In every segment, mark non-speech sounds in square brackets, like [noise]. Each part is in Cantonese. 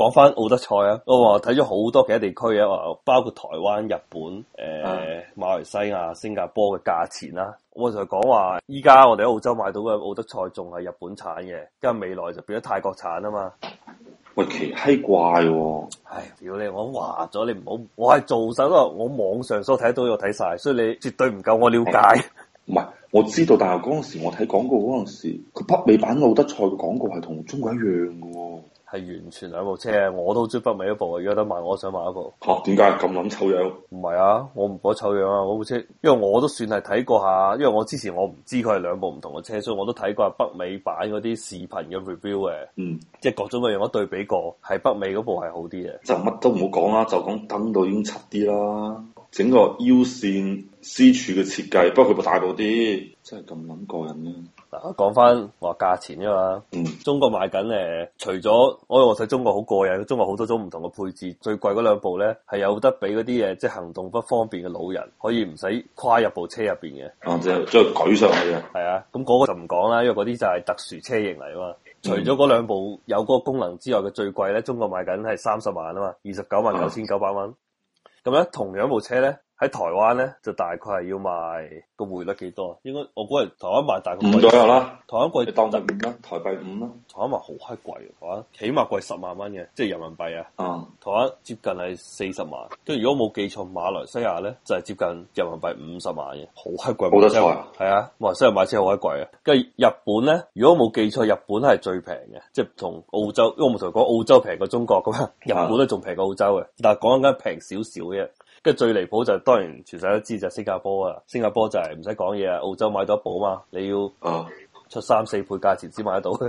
講翻奧德賽啊，我話睇咗好多其他地區啊，包括台灣、日本、誒、呃嗯、馬來西亞、新加坡嘅價錢啦。我就講話依家我哋喺澳洲買到嘅奧德賽仲係日本產嘅，跟住未來就變咗泰國產啊嘛。喂，奇閪怪喎，哦！唉，屌你，我話咗你唔好，我係做手，啊。我網上所睇到我睇晒，所以你絕對唔夠我了解。唔係，我知道，但係嗰陣時我睇廣告嗰陣時，佢北美版奧德賽嘅廣告係同中國一樣嘅。係完全兩部車，我都好鍾意北美一部，如果得賣，我想買一部。吓、啊，點解咁諗醜樣？唔係啊，我唔覺得醜樣啊，嗰部車，因為我都算係睇過下，因為我之前我唔知佢係兩部唔同嘅車，所以我都睇過北美版嗰啲視頻嘅 review 嘅，嗯，即係各種嘅嘢我對比過，係北美嗰部係好啲嘅。就乜都唔好講啦，就講燈到已經七啲啦，整個腰線 C 柱嘅設計，不過佢部大部啲，真係咁諗個人啦。嗱，講翻話價錢啫嘛，嗯、中國賣緊誒，除咗我我睇中國好過癮，中國好多種唔同嘅配置，最貴嗰兩部咧係有得俾嗰啲嘢，即係行動不方便嘅老人可以唔使跨入部車入邊嘅，哦、啊，即係將佢舉上去啊，係啊，咁嗰個就唔講啦，因為嗰啲就係特殊車型嚟啊嘛，除咗嗰兩部有嗰個功能之外嘅最貴咧，中國賣緊係三十萬啊嘛，二十九萬九千九百蚊，咁咧、嗯、同樣部車咧。喺台灣咧，就大概係要賣個匯率幾多？應該我估係台灣賣大概五左右啦。台灣就當值五啦，台幣五啦。台灣賣好閪貴台灣，起碼貴十萬蚊嘅，即係人民幣啊。嗯、台灣接近係四十萬，跟如果冇記錯，馬來西亞咧就係、是、接近人民幣五十萬嘅，好閪貴。好多錯啊，係啊，馬來西亞買車好閪貴啊。跟住日本咧，如果冇記錯，日本係最平嘅，即係同澳洲，因為我唔同你講澳洲平過中國噶嘛，日本都仲平過澳洲嘅，嗯、但係講緊平少少嘅。跟住最離譜就係、當然全世界都知就係、新加坡啊，新加坡就係唔使講嘢啊，澳洲買咗一部嘛，你要出三四倍價錢先買得到，唔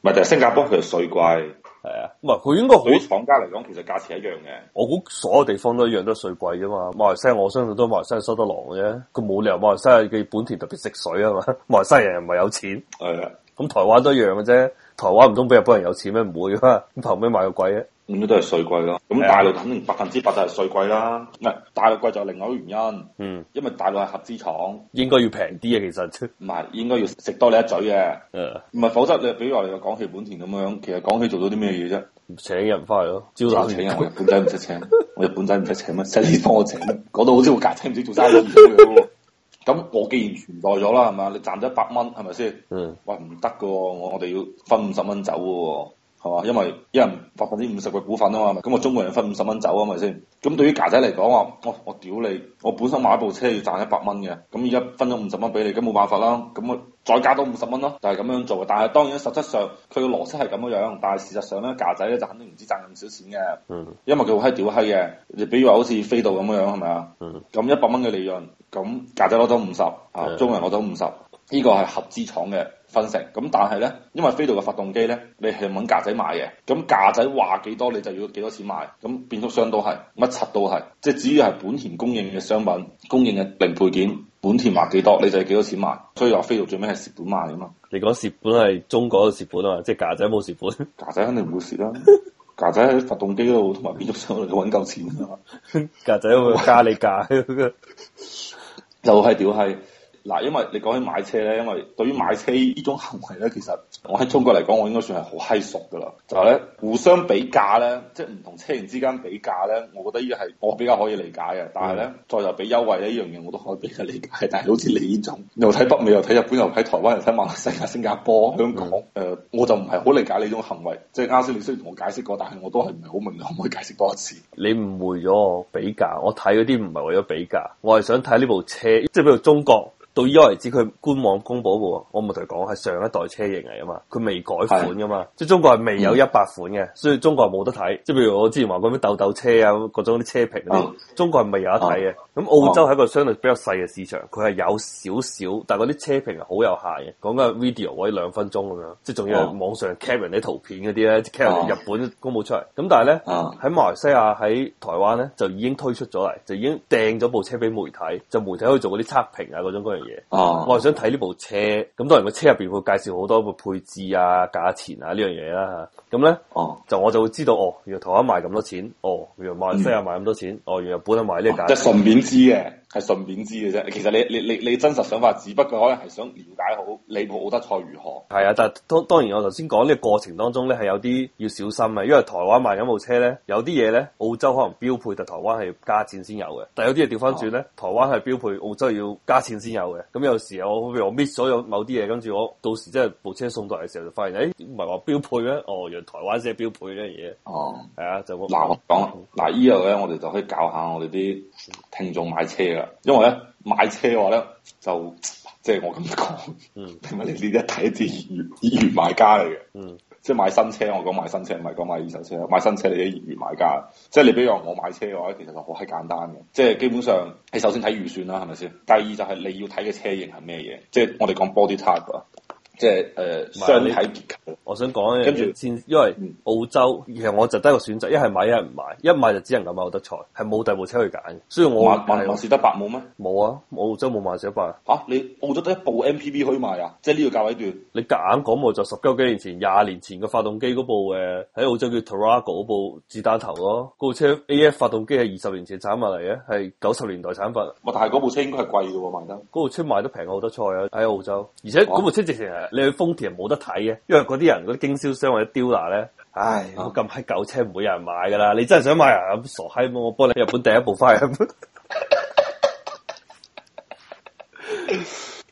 咪、哦、 [laughs] 就係新加坡佢水貴係啊，唔係佢應該對於廠家嚟講其實價錢一樣嘅，我估所有地方都一樣都係水貴啫嘛，馬來西亞我相信都馬來西亞收得狼嘅，啫。佢冇理由馬來西亞嘅本田特別食水啊嘛，馬來西亞人唔係有錢，係啊，咁台灣都一樣嘅啫，台灣唔通比日本人有錢咩？唔會啊，咁頭尾買個貴啊？咁都係稅貴咯，咁大陸肯定百分之百就係稅貴啦。唔係大陸貴就係另外一個原因，嗯，因為大陸係合資廠，應該要平啲啊。其實唔係，應該要食多你一嘴嘅，唔係、嗯，否則你比如話你個廣汽本田咁樣，其實廣汽做到啲咩嘢啫？請人翻嚟咯，招攬請人，我日本仔唔識請，我日本仔唔識請乜，使你幫我請，講到好似我架仔唔知做生意咁樣咯。咁我既然存在咗啦，係嘛？你賺咗一百蚊，係咪先？嗯，喂，唔得噶，我我哋要分五十蚊走噶。因為一人百分之五十嘅股份啊嘛，咁我中國人分五十蚊走啊，咪先？咁對於架仔嚟講話，我我屌你，我本身買一部車要賺一百蚊嘅，咁而家分咗五十蚊俾你，咁冇辦法啦，咁我再加多五十蚊咯，就係咁樣做嘅。但係當然實質上佢嘅邏輯係咁樣樣，但係事實上咧架仔咧，就肯定唔知賺咁少錢嘅。因為佢係屌閪嘅，你比如話好似飛度咁樣樣係咪啊？咁一百蚊嘅利潤，咁架仔攞咗五十，中國人攞咗五十，呢個係合資廠嘅。分成咁，但係咧，因為飛度嘅發動機咧，你係搵架仔買嘅，咁架仔話幾多，你就要幾多錢買，咁變速箱都係，乜柒都係，即係主要係本田供應嘅商品，供應嘅零配件，本田話幾多，你就要幾多錢賣，所以話飛度最屘係蝕本賣啊嘛。你講蝕本係中國嘅蝕本啊嘛，即係架仔冇蝕本，架仔肯定唔會蝕啦，架仔喺發動機度同埋變速箱度搵夠錢啊嘛，架仔會加你價，又係屌閪。嗱，因為你講起買車咧，因為對於買車呢種行為咧，其實我喺中國嚟講，我應該算係好閪熟㗎喇。就係、是、咧，互相比價咧，即係唔同車型之間比價咧，我覺得呢個係我比較可以理解嘅。但係咧，嗯、再就比優惠咧，呢樣嘢我都可以比較理解。但係好似你呢種又睇北美又睇日本又睇台灣又睇馬來西亞新加坡香港，誒、嗯呃，我就唔係好理解呢依種行為。即係啱先你雖然同我解釋過，但係我都係唔係好明。可唔可以解釋多一次？你誤會咗我比價，我睇嗰啲唔係為咗比價，我係想睇呢部車。即係譬如中國。到依家為止，佢官網公佈嘅喎，我唔同你講係上一代車型嚟啊嘛，佢未改款嘅嘛，的即係中國係未有一百款嘅，所以中國係冇得睇。即係譬如我之前話嗰啲豆豆車啊，嗰種啲車評嗰啲，啊、中國係未有得睇嘅？咁、啊、澳洲係一個相對比較細嘅市場，佢係有少少，啊、但係嗰啲車評係好有限嘅。講緊 video 或者兩分鐘咁樣，即係仲要網上 capture 啲圖片嗰啲咧，capture 日本公佈出嚟。咁但係咧，喺、啊、馬來西亞、喺台灣咧就已經推出咗嚟，就已經掟咗部車俾媒體，就媒體可以做嗰啲測評啊，嗰哦，我係想睇呢部車，咁當然個車入邊會介紹好多個配置啊、價錢啊，樣啊樣呢樣嘢啦吓，咁咧，哦，就我就會知道哦，原來台灣賣咁多錢，哦，原來馬來西亞賣咁多錢，嗯、哦，原來本本賣呢個價、哦，即係順便知嘅。係順便知嘅啫，其實你你你你真實想法，只不過可能係想了解好你奧德賽如何。係啊，但係當當然我頭先講呢個過程當中咧，係有啲要小心啊。因為台灣買緊部車咧，有啲嘢咧澳洲可能標配，但台灣係加錢先有嘅。但係有啲嘢調翻轉咧，啊、台灣係標配，澳洲要加錢先有嘅。咁有時候我譬如我 miss 咗有某啲嘢，跟住我到時真係部車送到嚟嘅時候，就發現誒唔係話標配咩？哦，原來台灣先係標配嘅嘢。哦，係啊，就嗱、啊、我講嗱依度咧，我哋就可以教下我哋啲聽眾買車。因為咧買車嘅話咧，就即係我咁講，因為、嗯、 [laughs] 你你一睇啲業餘買家嚟嘅，嗯、即係買新車我講買新車，唔係講買二手車，車，買新車你啲業餘買家，即係你比如話我買車嘅話咧，其實就好係簡單嘅，即係基本上你首先睇預算啦，係咪先？第二就係你要睇嘅車型係咩嘢，即係我哋講 body type 啊。即係誒雙體結構。我想講一跟住先，後因為澳洲而、嗯、實我就得一個選擇，一係買，一係唔買。一買就只能夠買奧德賽，係冇第二部車去揀。所以我話買萬事得八冇咩？冇啊！澳洲冇萬事得八啊！嚇你澳洲得一部 M P V 可以賣啊？即係呢個價位段。你夾硬講我就十九幾年前、廿年前嘅發動機嗰部誒，喺澳洲叫 Tarago 嗰部子彈頭咯。嗰部車 A F 發動機係二十年前，、啊、年前產埋嚟嘅，係九十年代產物。但係嗰部車應該係貴嘅喎，賣得。嗰部車賣得平好多過奧德賽啊！喺澳洲，而且嗰哇部車直情係。你去豐田冇得睇嘅，因為嗰啲人、嗰啲經銷商或者 dealer 咧，唉，咁閪舊車，唔會有人買噶啦。你真係想買啊？咁傻閪麼？我幫你日本第一部返去，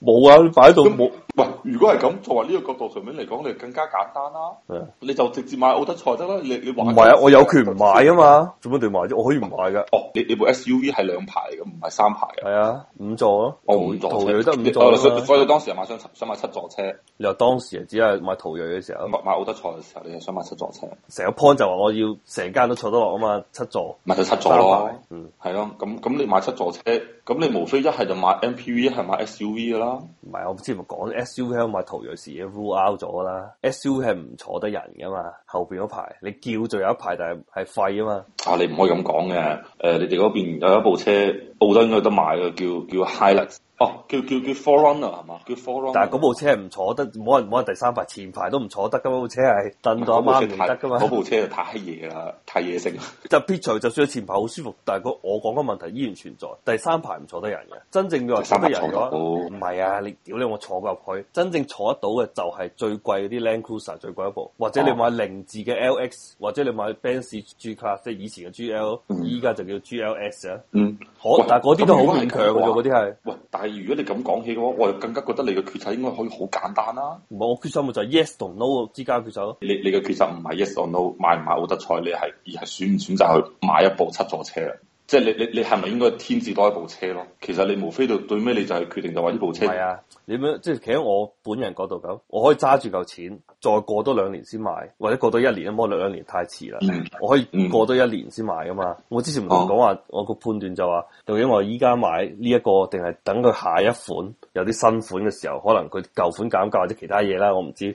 冇、嗯、啊，擺喺度冇。喂，如果係咁，作為呢個角度上面嚟講，你更加簡單啦。你就直接買奧德賽得啦。你你話唔係啊，我有權唔買啊嘛。做乜點買啫？我可以唔買噶。哦，你你部 SUV 係兩排嘅，唔係三排啊。係啊，五座咯。我五座。途銳五座，所以當時又想想買七座車，又當時啊只係買途銳嘅時候，買奧德賽嘅時候，你係想買七座車。成個 point 就話我要成間都坐得落啊嘛，七座咪就七座咯。嗯，係咯。咁咁你買七座車，咁你無非一係就買 MPV，一係買 SUV 噶啦。唔係，我唔知咪講。SUV 係買途銳時 rule out 咗啦 SUV 係唔坐得人噶嘛，後邊嗰排你叫就有一排，但係係廢啊嘛。啊，你唔可以咁講嘅，誒、呃，你哋嗰邊有一部車，布多應該有得賣嘅，叫叫 Hyland。哦，叫叫叫 4Runner 係嘛？叫 4Runner 但係嗰部車係唔坐得，冇人冇人第三排前排都唔坐得噶嘛？部車係凳到阿媽唔得噶嘛？嗰部車就太嘢啦，太嘢性。就撇除，就算前排好舒服，但係個我講個問題依然存在，第三排唔坐得人嘅。真正要話三排坐唔係啊？你屌你，我坐入去真正坐得到嘅就係最貴嗰啲 Land Cruiser 最貴一部，或者你買凌志嘅 LX，或者你買 Benz G-Class 即係以前嘅 GL，依家就叫 GLS 啊。嗯。好，但係嗰啲都好勉強嘅啫，嗰啲係。喂，係，如果你咁講起嘅話，我就更加覺得你嘅決策應該可以好簡單啦、啊。唔冇，我抉擇咪就係、是、yes or no 之間抉擇咯。你你嘅決策唔係 yes or no 買唔買奧德賽你係而係選唔選擇去買一部七座車啊？即係你你你係咪應該添置多一部車咯？其實你無非到最尾你就係決定就話呢部車係啊！你咁樣即係企喺我本人嗰度咁，我可以揸住嚿錢，再過多兩年先買，或者過多一年啊，因為兩年太遲啦。嗯、我可以過多一年先買㗎嘛。嗯、我之前唔同講話，哦、我個判斷就話，究竟我依家買呢、這、一個，定係等佢下一款有啲新款嘅時候，可能佢舊款減價或者其他嘢啦，我唔知。咁、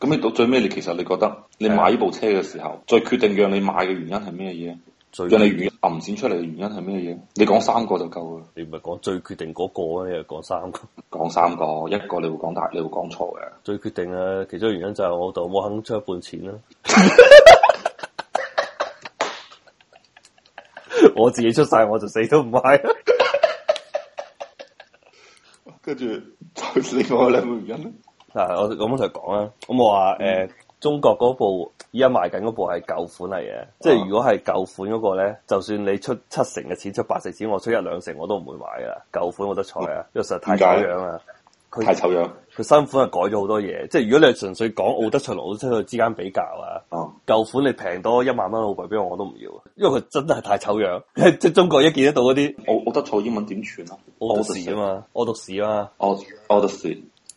嗯、你到最尾你其實你覺得你買呢部車嘅時候，再決定讓你買嘅原因係咩嘢？讓你暗閃出嚟嘅原因係咩嘢？你講三個就夠啦。 [laughs] 你唔係講最決定嗰、那個啊，你係講三個。講三個，一個你會講大，你會講錯嘅。 [laughs] 最決定啊，其中原因就係我度冇肯出一半錢啦、啊。 [laughs] 我自己出晒，我就死都唔買。跟住就另外兩個原因。嗱，我咁我就講啦。咁我話誒，嗯、中國嗰部。依家賣緊嗰部係舊款嚟嘅，即係如果係舊款嗰個咧，就算你出七成嘅錢，出八成錢，我出一兩成，我都唔會買噶。舊款我得錯啊，因為實在太醜樣啊。佢太醜樣，佢新款係改咗好多嘢。即係如果你純粹講奧德賽攞出去之間比較啊，舊款你平多一萬蚊奧幣俾我我都唔要，因為佢真係太醜樣。即係中國一見得到嗰啲奧德賽英文點串啊？奧德士啊嘛，奧德士。啊嘛，我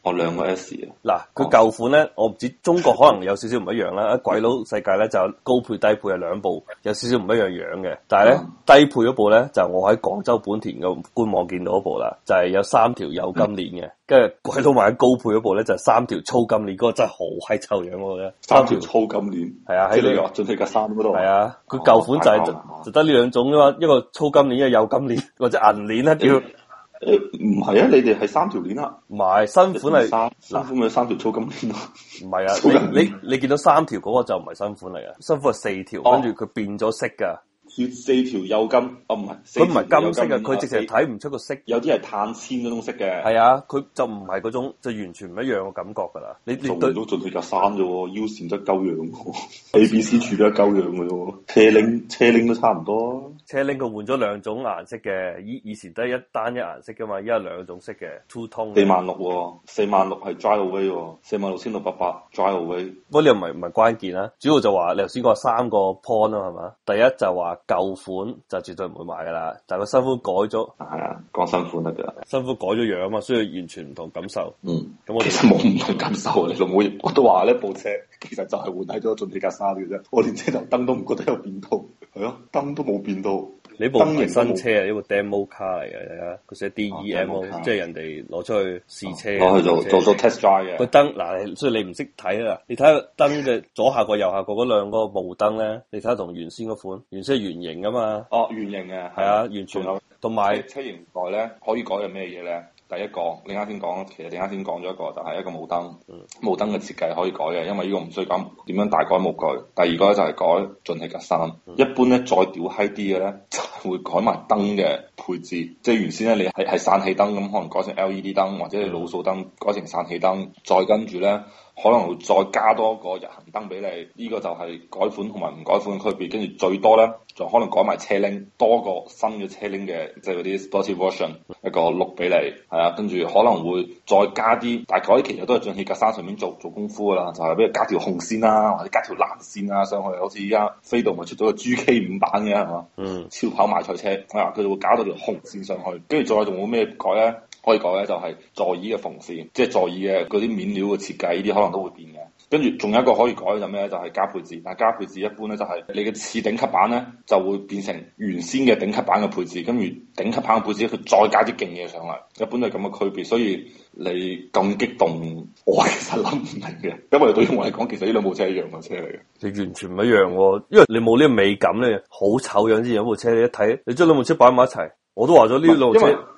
我兩個 S 嗱佢舊款咧，我唔知中國可能有少少唔一樣啦，喺鬼佬世界咧就高配低配有兩部，有少少唔一樣樣嘅。但係咧低配嗰部咧就我喺廣州本田嘅官網見到嗰部啦，就係有三條有金鏈嘅，跟住鬼佬買高配嗰部咧就三條粗金鏈，嗰個真係好閪臭樣，我覺得。三條粗金鏈，係啊，喺你着俊力架衫嗰度。係啊，佢舊款就係就得呢兩種啫嘛，一個粗金鏈，一個有金鏈，或者銀鏈啦，叫。誒，唔係啊，你哋係三條鏈啊？唔係新款係三，新款咪三條粗金鏈啊？唔係啊，你你見到三條嗰個就唔係新款嚟啊？新款係四條，跟住佢變咗色噶，四四條幼金，哦唔係，佢唔係金色噶，佢直情睇唔出個色。有啲係碳纖嗰種色嘅。係啊，佢就唔係嗰種，就完全唔一樣嘅感覺噶啦。你從嚟都着佢架衫啫，腰線得鳩樣，A B C 處都係鳩樣嘅，車拎車拎都差唔多。車拎佢換咗兩種顏色嘅，以以前得一單一顏色噶嘛，依家兩種色嘅。Two tone 四萬六喎，哦，四萬六係 Drive Away 喎，哦，四萬六千六百八,八 Drive Away。不過呢個唔係唔係關鍵啦，主要就話你頭先講三個 point 啦，係嘛？第一就話舊款就絕對唔會買噶啦，但係新，新款新改咗。係啊，講新款得噶啦。新款改咗樣嘛，所以完全唔同感受。嗯，咁我其實冇唔同感受嚟，我我都話呢部車其實就係換低咗進氣格柵嘅啫，我連車頭燈都唔覺得有變動。係咯，燈、哎、都冇變到。你部係新車看看 emo，啊，呢部 demo car 嚟嘅，佢寫 D E M O，即係人哋攞出去試車。攞、哦、去做車做咗 test drive 嘅。佢燈嗱，所以你唔識睇啊。你睇下燈嘅左下角、右下角嗰兩個霧燈咧，你睇下同原先嗰款，原先圓形噶嘛。哦、啊，圓形嘅，係啊，完全同埋車型改咧，可以改係咩嘢咧？第一個，你啱先講，其實你啱先講咗一個，就係、是、一個霧燈，霧、嗯、燈嘅設計可以改嘅，因為呢個唔需要咁點樣大改模具。第二個就係改進氣格柵，嗯、一般咧再屌嗨啲嘅咧。 [laughs] 會改埋燈嘅配置，即係原先咧你係係散氣燈咁，可能改成 LED 燈或者係鹵素燈，改成散氣燈，再跟住咧，可能會再加多個日行燈畀你。呢、呢個就係改款同埋唔改款嘅區別。跟住最多咧，仲可能改埋車鈴，多個新嘅車鈴嘅，即係嗰啲 sporty version 一個 look 畀你。係啊，跟住可能會再加啲，但係啲其實都係進氣格柵上面做做功夫啦，就係、係、比如加條紅線啦，啊，或者加條藍線啊上去，好似依家飛度咪出咗個 GK 五版嘅係嘛，嗯，超跑。大賽車啊，佢哋會搞到條紅線上去，跟住再仲冇咩改咧？可以改咧，就係座椅嘅縫線，即係座椅嘅啲面料嘅設計，呢啲可能都會變嘅。跟住仲有一個可以改嘅就咩咧？就係加配置，但係加配置一般咧就係你嘅次頂級版咧就會變成原先嘅頂級版嘅配置，跟住頂級版嘅配置佢再加啲勁嘢上嚟，一般都係咁嘅區別。所以你咁激動，我其實諗唔明嘅，因為對於我嚟講，其實呢兩部車係一樣嘅車嚟嘅，你完全唔一樣喎，哦，因為你冇呢個美感咧，好醜樣，之前嗰部車你，你一睇你將兩部車擺埋一齊，我都話咗呢兩部車。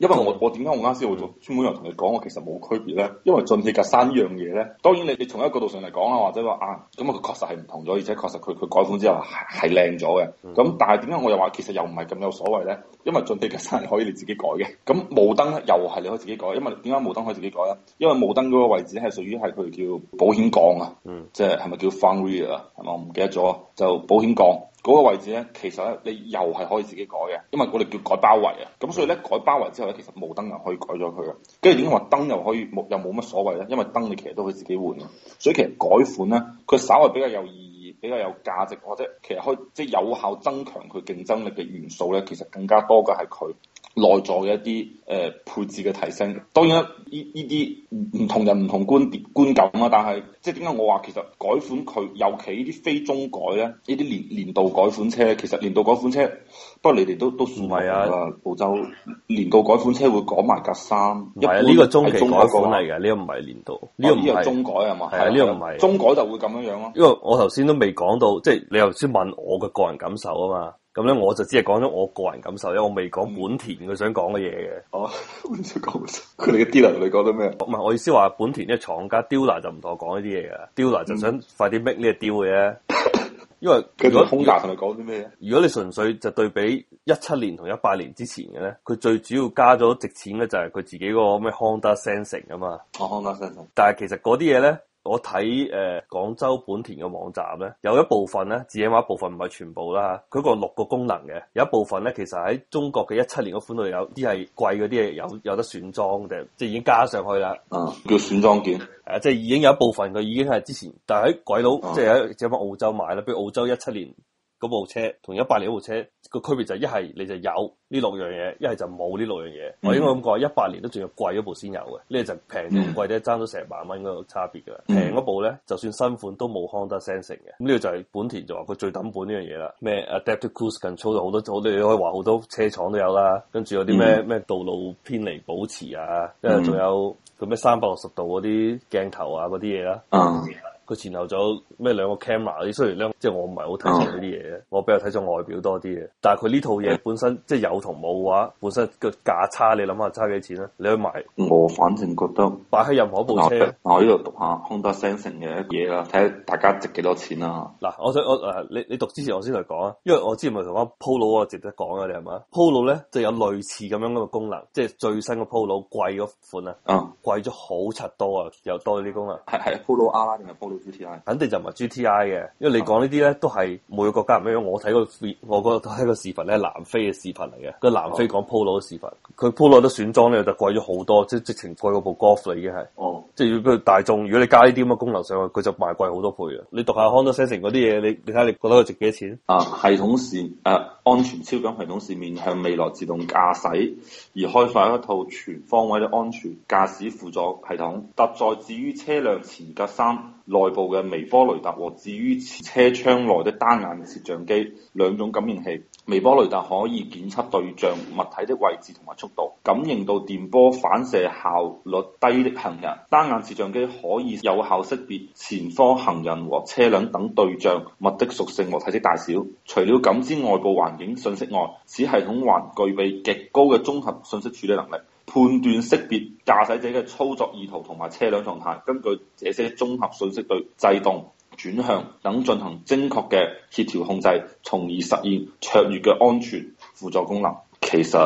因為我我點解我啱先會做專門又同你講我其實冇區別咧？因為進氣格山呢樣嘢咧，當然你你從一個角度上嚟講啊，或者話啊，咁啊佢確實係唔同咗，而且確實佢佢改款之後係係靚咗嘅。咁但係點解我又話其實又唔係咁有所謂咧？因為進氣格山係可以你自己改嘅。咁霧燈咧又係你可以自己改，因為點解霧燈可以自己改咧？因為霧燈嗰個位置係屬於係佢叫保險槓啊，即係係咪叫 fun r e r 啊？係咪我唔記得咗？就保險槓。嗰個位置咧，其實咧你又係可以自己改嘅，因為我哋叫改包圍啊。咁所以咧改包圍之後咧，其實冇燈又可以改咗佢嘅。跟住點解話燈又可以冇又冇乜所謂咧？因為燈你其實都可以自己換嘅。所以其實改款咧，佢稍為比較有意義、比較有價值或者其實可以即係有效增強佢競爭力嘅元素咧，其實更加多嘅係佢內在嘅一啲誒、呃、配置嘅提升，當然呢依啲唔同人唔同觀點觀感啊。但係即係點解我話其實改款佢，尤其呢啲非中改咧，呢啲年年度改款車，其實年度改款車，不過你哋都都算唔係啊。澳洲年度改款車會講埋隔三，唔係呢個中期改款嚟嘅，呢、啊這個唔係年度，呢、這個唔係中改係嘛？係呢、啊這個唔係、啊、中改就會咁樣樣、啊、咯。因為我頭先都未講到，即係你頭先問我嘅個人感受啊嘛。咁咧，我就只係講咗我個人感受，因為我未講本田佢想講嘅嘢嘅。哦， [laughs] 想講佢哋嘅 dealer，你講咗咩？唔係，我意思話本田呢個廠家 dealer、嗯、就唔同我講呢啲嘢嘅，dealer 就想快啲 make 呢個 deal 嘅啫。因為如果空格同你講啲咩？如果你純粹就對比一七年同一八年之前嘅咧，佢最主要加咗值錢咧就係佢自己個咩、oh, Honda Sensing 啊嘛。哦，Honda Sensing。但係其實嗰啲嘢咧。我睇誒、呃、廣州本田嘅網站咧，有一部分咧字眼話部分唔係全部啦，佢個六個功能嘅有一部分咧，其實喺中國嘅一七年嘅款度有啲係貴嗰啲係有有得選裝嘅，即係已經加上去啦。嗯、啊，叫選裝件。誒、啊，即係已經有一部分佢已經係之前，但係喺鬼佬、啊、即係喺即翻澳洲買啦，比如澳洲一七年。嗰部車同一八年嗰部車個區別就係一係你就有呢六樣嘢，一係就冇呢六樣嘢。我、嗯、應該咁講，一八年都仲要貴咗部先有嘅。呢、呢個、就平同、嗯、貴咧爭咗成百蚊嗰個差別㗎。平嗰、嗯、部咧，就算新款都冇 Honda Sensing 嘅。咁、嗯、呢、嗯、就係本田就話佢最揼本呢樣嘢啦。咩 Adaptive Cruise Control 好多，好多你可以話好多車廠都有啦。跟住有啲咩咩道路偏離保持啊，跟住仲有嗰咩三百六十度嗰啲鏡頭啊嗰啲嘢啦。嗯。佢前後咗咩兩個 camera 嗰啲？雖然咧，即係我唔係好睇重呢啲嘢，我比較睇重外表多啲嘅。但係佢呢套嘢本身、嗯、即係有同冇嘅話，本身個價差你諗下差幾錢咧？你去買，我反正覺得擺喺任何一部車。我呢度讀下 Honda Sensing 嘅嘢啦，睇下大家值幾多錢啊。嗱，我想我誒你你讀之前我先嚟講啊，因為我之前咪同我 Polo 啊值得講啊。你係嘛？Polo 咧就有類似咁樣嘅功能，即係最新嘅 Polo 貴嗰款啊，嗯、貴咗好柒多啊，又多咗啲功能。係係、嗯、Polo 啦定係 Polo？肯定就唔係 G T I 嘅，因為你講呢啲咧都係每個國家唔一樣。我睇個視，我嗰睇個視頻咧，南非嘅視頻嚟嘅，個南非講 Polo 嘅視頻，佢 Polo 都選裝咧就貴咗好多，即係直情貴過部 Golf 嚟嘅係。哦，即係譬如大眾，如果你加呢啲咁嘅功能上去，佢就賣貴好多倍嘅。你讀下 Honda Sensing 嗰啲嘢，你你睇下你覺得佢值幾多錢？啊，系統是誒、呃、安全超感系統是面向未來自動駕駛而開發一套全方位嘅安全駕駛輔助系統，搭載至於車輛前格柵內。部嘅微波雷達和置於車窗內的單眼攝像機兩種感應器，微波雷達可以檢測對象物體的位置同埋速度，感應到電波反射效率低的行人；單眼攝像機可以有效識別前方行人和車輛等對象物的屬性和體積大小。除了感知外部環境信息外，此系統還具備極高嘅綜合信息處理能力。判斷識別駕駛者嘅操作意圖同埋車輛狀態，根據這些綜合信息對制動、轉向等進行精確嘅協調控制，從而實現卓越嘅安全輔助功能。其實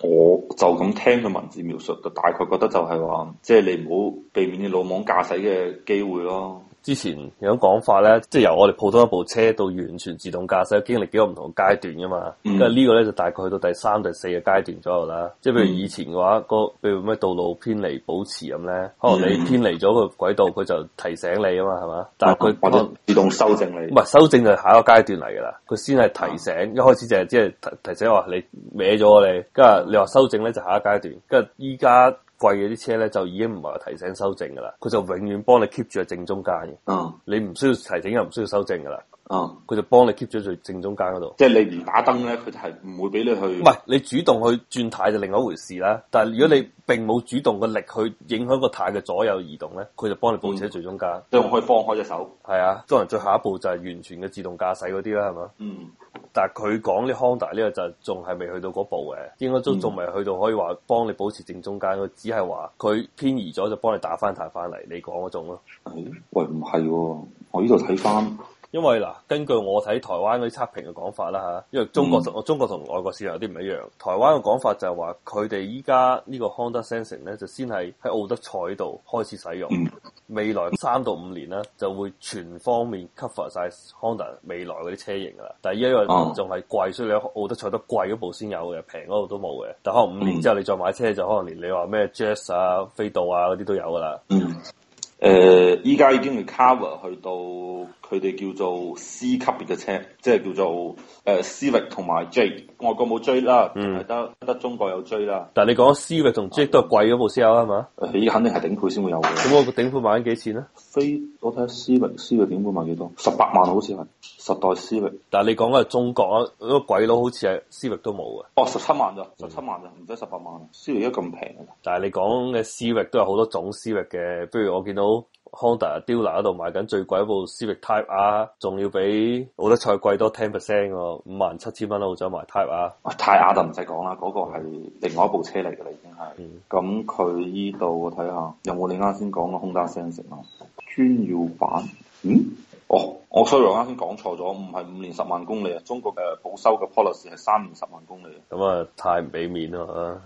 我就咁聽佢文字描述，就大概覺得就係話，即係你唔好避免你老網駕駛嘅機會咯。之前有種講法咧,即係由我哋普通一部車到完全自動駕駛，經歷幾個唔同嘅階段噶嘛。跟住呢個咧就大概去到第三、第四個階段左右啦。即係譬如以前嘅話，個譬、嗯、如咩道路偏離保持咁咧，可能你偏離咗個軌道，佢、嗯、就提醒你啊嘛，係嘛？但係佢幫自動修正你。唔係，修正就係下一個階段嚟噶啦。佢先係提醒，嗯、一開始就係即係提醒話你歪咗我哋。跟住你話修正咧就下一個階段。跟住依家。貴嘅啲車咧就已經唔係話提醒修正噶啦，佢就永遠幫你 keep 住喺正中間嘅。嗯，你唔需要提醒又唔需要修正噶啦。嗯，佢就幫你 keep 咗喺正中間嗰度。即係你唔打燈咧，佢就係唔會俾你去。唔係，你主動去轉軚就另外一回事啦。但係如果你並冇主動嘅力去影響個軚嘅左右移動咧，佢就幫你保持喺最中間。即係我可以放開隻手。係啊，當然最後一步就係完全嘅自動駕駛嗰啲啦，係嘛？嗯。但係佢講呢，康達呢個就仲係未去到嗰步嘅，應該都仲未去到可以話幫你保持正中間。佢只係話佢偏移咗就幫你打翻彈翻嚟，你講嗰種咯。喂唔係喎，我呢度睇翻。因為嗱，根據我睇台灣嗰啲測評嘅講法啦嚇，因為中國同、嗯、中國同外國市場有啲唔一樣。台灣嘅講法就係話，佢哋依家呢個 Honda Sensing 咧，就先係喺奧德賽度開始使用。嗯、未來三到五年啦，就會全方面 cover 晒 Honda 未來嗰啲車型噶啦。但係依家因為仲係貴，所以你喺奧德賽得貴嗰部先有嘅，平嗰度都冇嘅。但可能五年之後你再買車，嗯、就可能連你話咩 Jazz 啊、飛度啊嗰啲都有噶啦。誒、嗯，依、呃、家已經會 cover 去到。佢哋叫做 C 級別嘅車，即係叫做誒思域同埋 J。外國冇 J 啦、嗯，係得得中國有 J 啦。但係你講思域同 J 都係貴咗部車啦、嗯，係嘛？誒，依家肯定係頂配先會有嘅。咁我個頂配買幾錢咧？飛我睇下思域，思域頂配賣幾多？十八萬好似係。十代思域。但係你講嘅中國啊，嗰個鬼佬好似係思域都冇嘅。哦，十七萬咋？十七萬啊，唔使十八萬。思域而家咁平。但係你講嘅思域都有好多種思域嘅，不如我見到。Honda 丟拿嗰度賣緊最貴一部 Civic Type R，仲要比奧德賽貴多 ten percent 喎，五萬七千蚊都好想買 Type R！哇，太啱就唔使講啦，嗰個係另外一部車嚟㗎啦，已經係。咁佢依度我睇下有冇你啱先講嘅 Honda Sensing 咯？尊耀版？嗯？哦，我 sorry 我啱先講錯咗，唔係五年十萬公里啊，中國嘅保修嘅 policy 係三年十萬公里啊。咁啊，太唔俾面啦！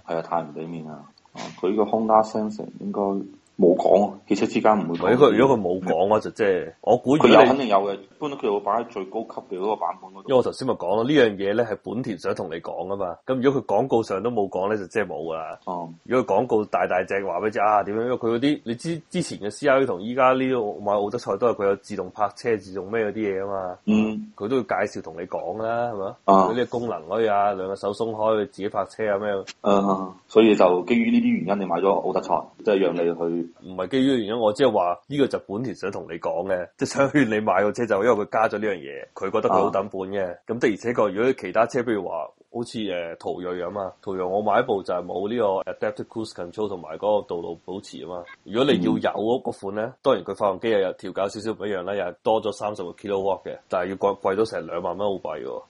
係啊，太唔俾面啦！哦，佢呢個 Honda Sensing 應該。冇講，汽車之間唔會講。如果佢如果佢冇講，就即係我估。佢有肯定有嘅，一般佢會擺喺最高級嘅嗰個版本。因為我頭先咪講啦，呢樣嘢咧係本田想同你講啊嘛。咁如果佢廣告上都冇講咧，就即係冇㗎喇。哦、嗯，如果佢廣告大大隻話俾你知啊，點樣？因為佢嗰啲你知之前嘅 CRV 同依家呢個買奧德賽都係佢有自動泊車、自動咩嗰啲嘢啊嘛。嗯，佢都要介紹同你講啦，係嘛？啊、嗯，啲功能可以啊，兩個手鬆開自己泊車啊咩、嗯？所以就基於呢啲原因，你買咗奧德賽，即係讓你去。唔係基於原因，我即係話呢個就本田想同你講嘅，即係想勸你買個車就因為佢加咗呢樣嘢，佢覺得佢好抵本嘅。咁、啊、的而且確，如果其他車，譬如話好似誒途睿啊嘛，途睿我買一部就係冇呢個 adaptive cruise control 同埋嗰個道路保持啊嘛。如果你要有嗰款咧，嗯、當然佢發動機又又調教少少唔一樣啦，又多咗三十個 kilowatt 嘅，但係要貴貴咗成兩萬蚊好貴嘅。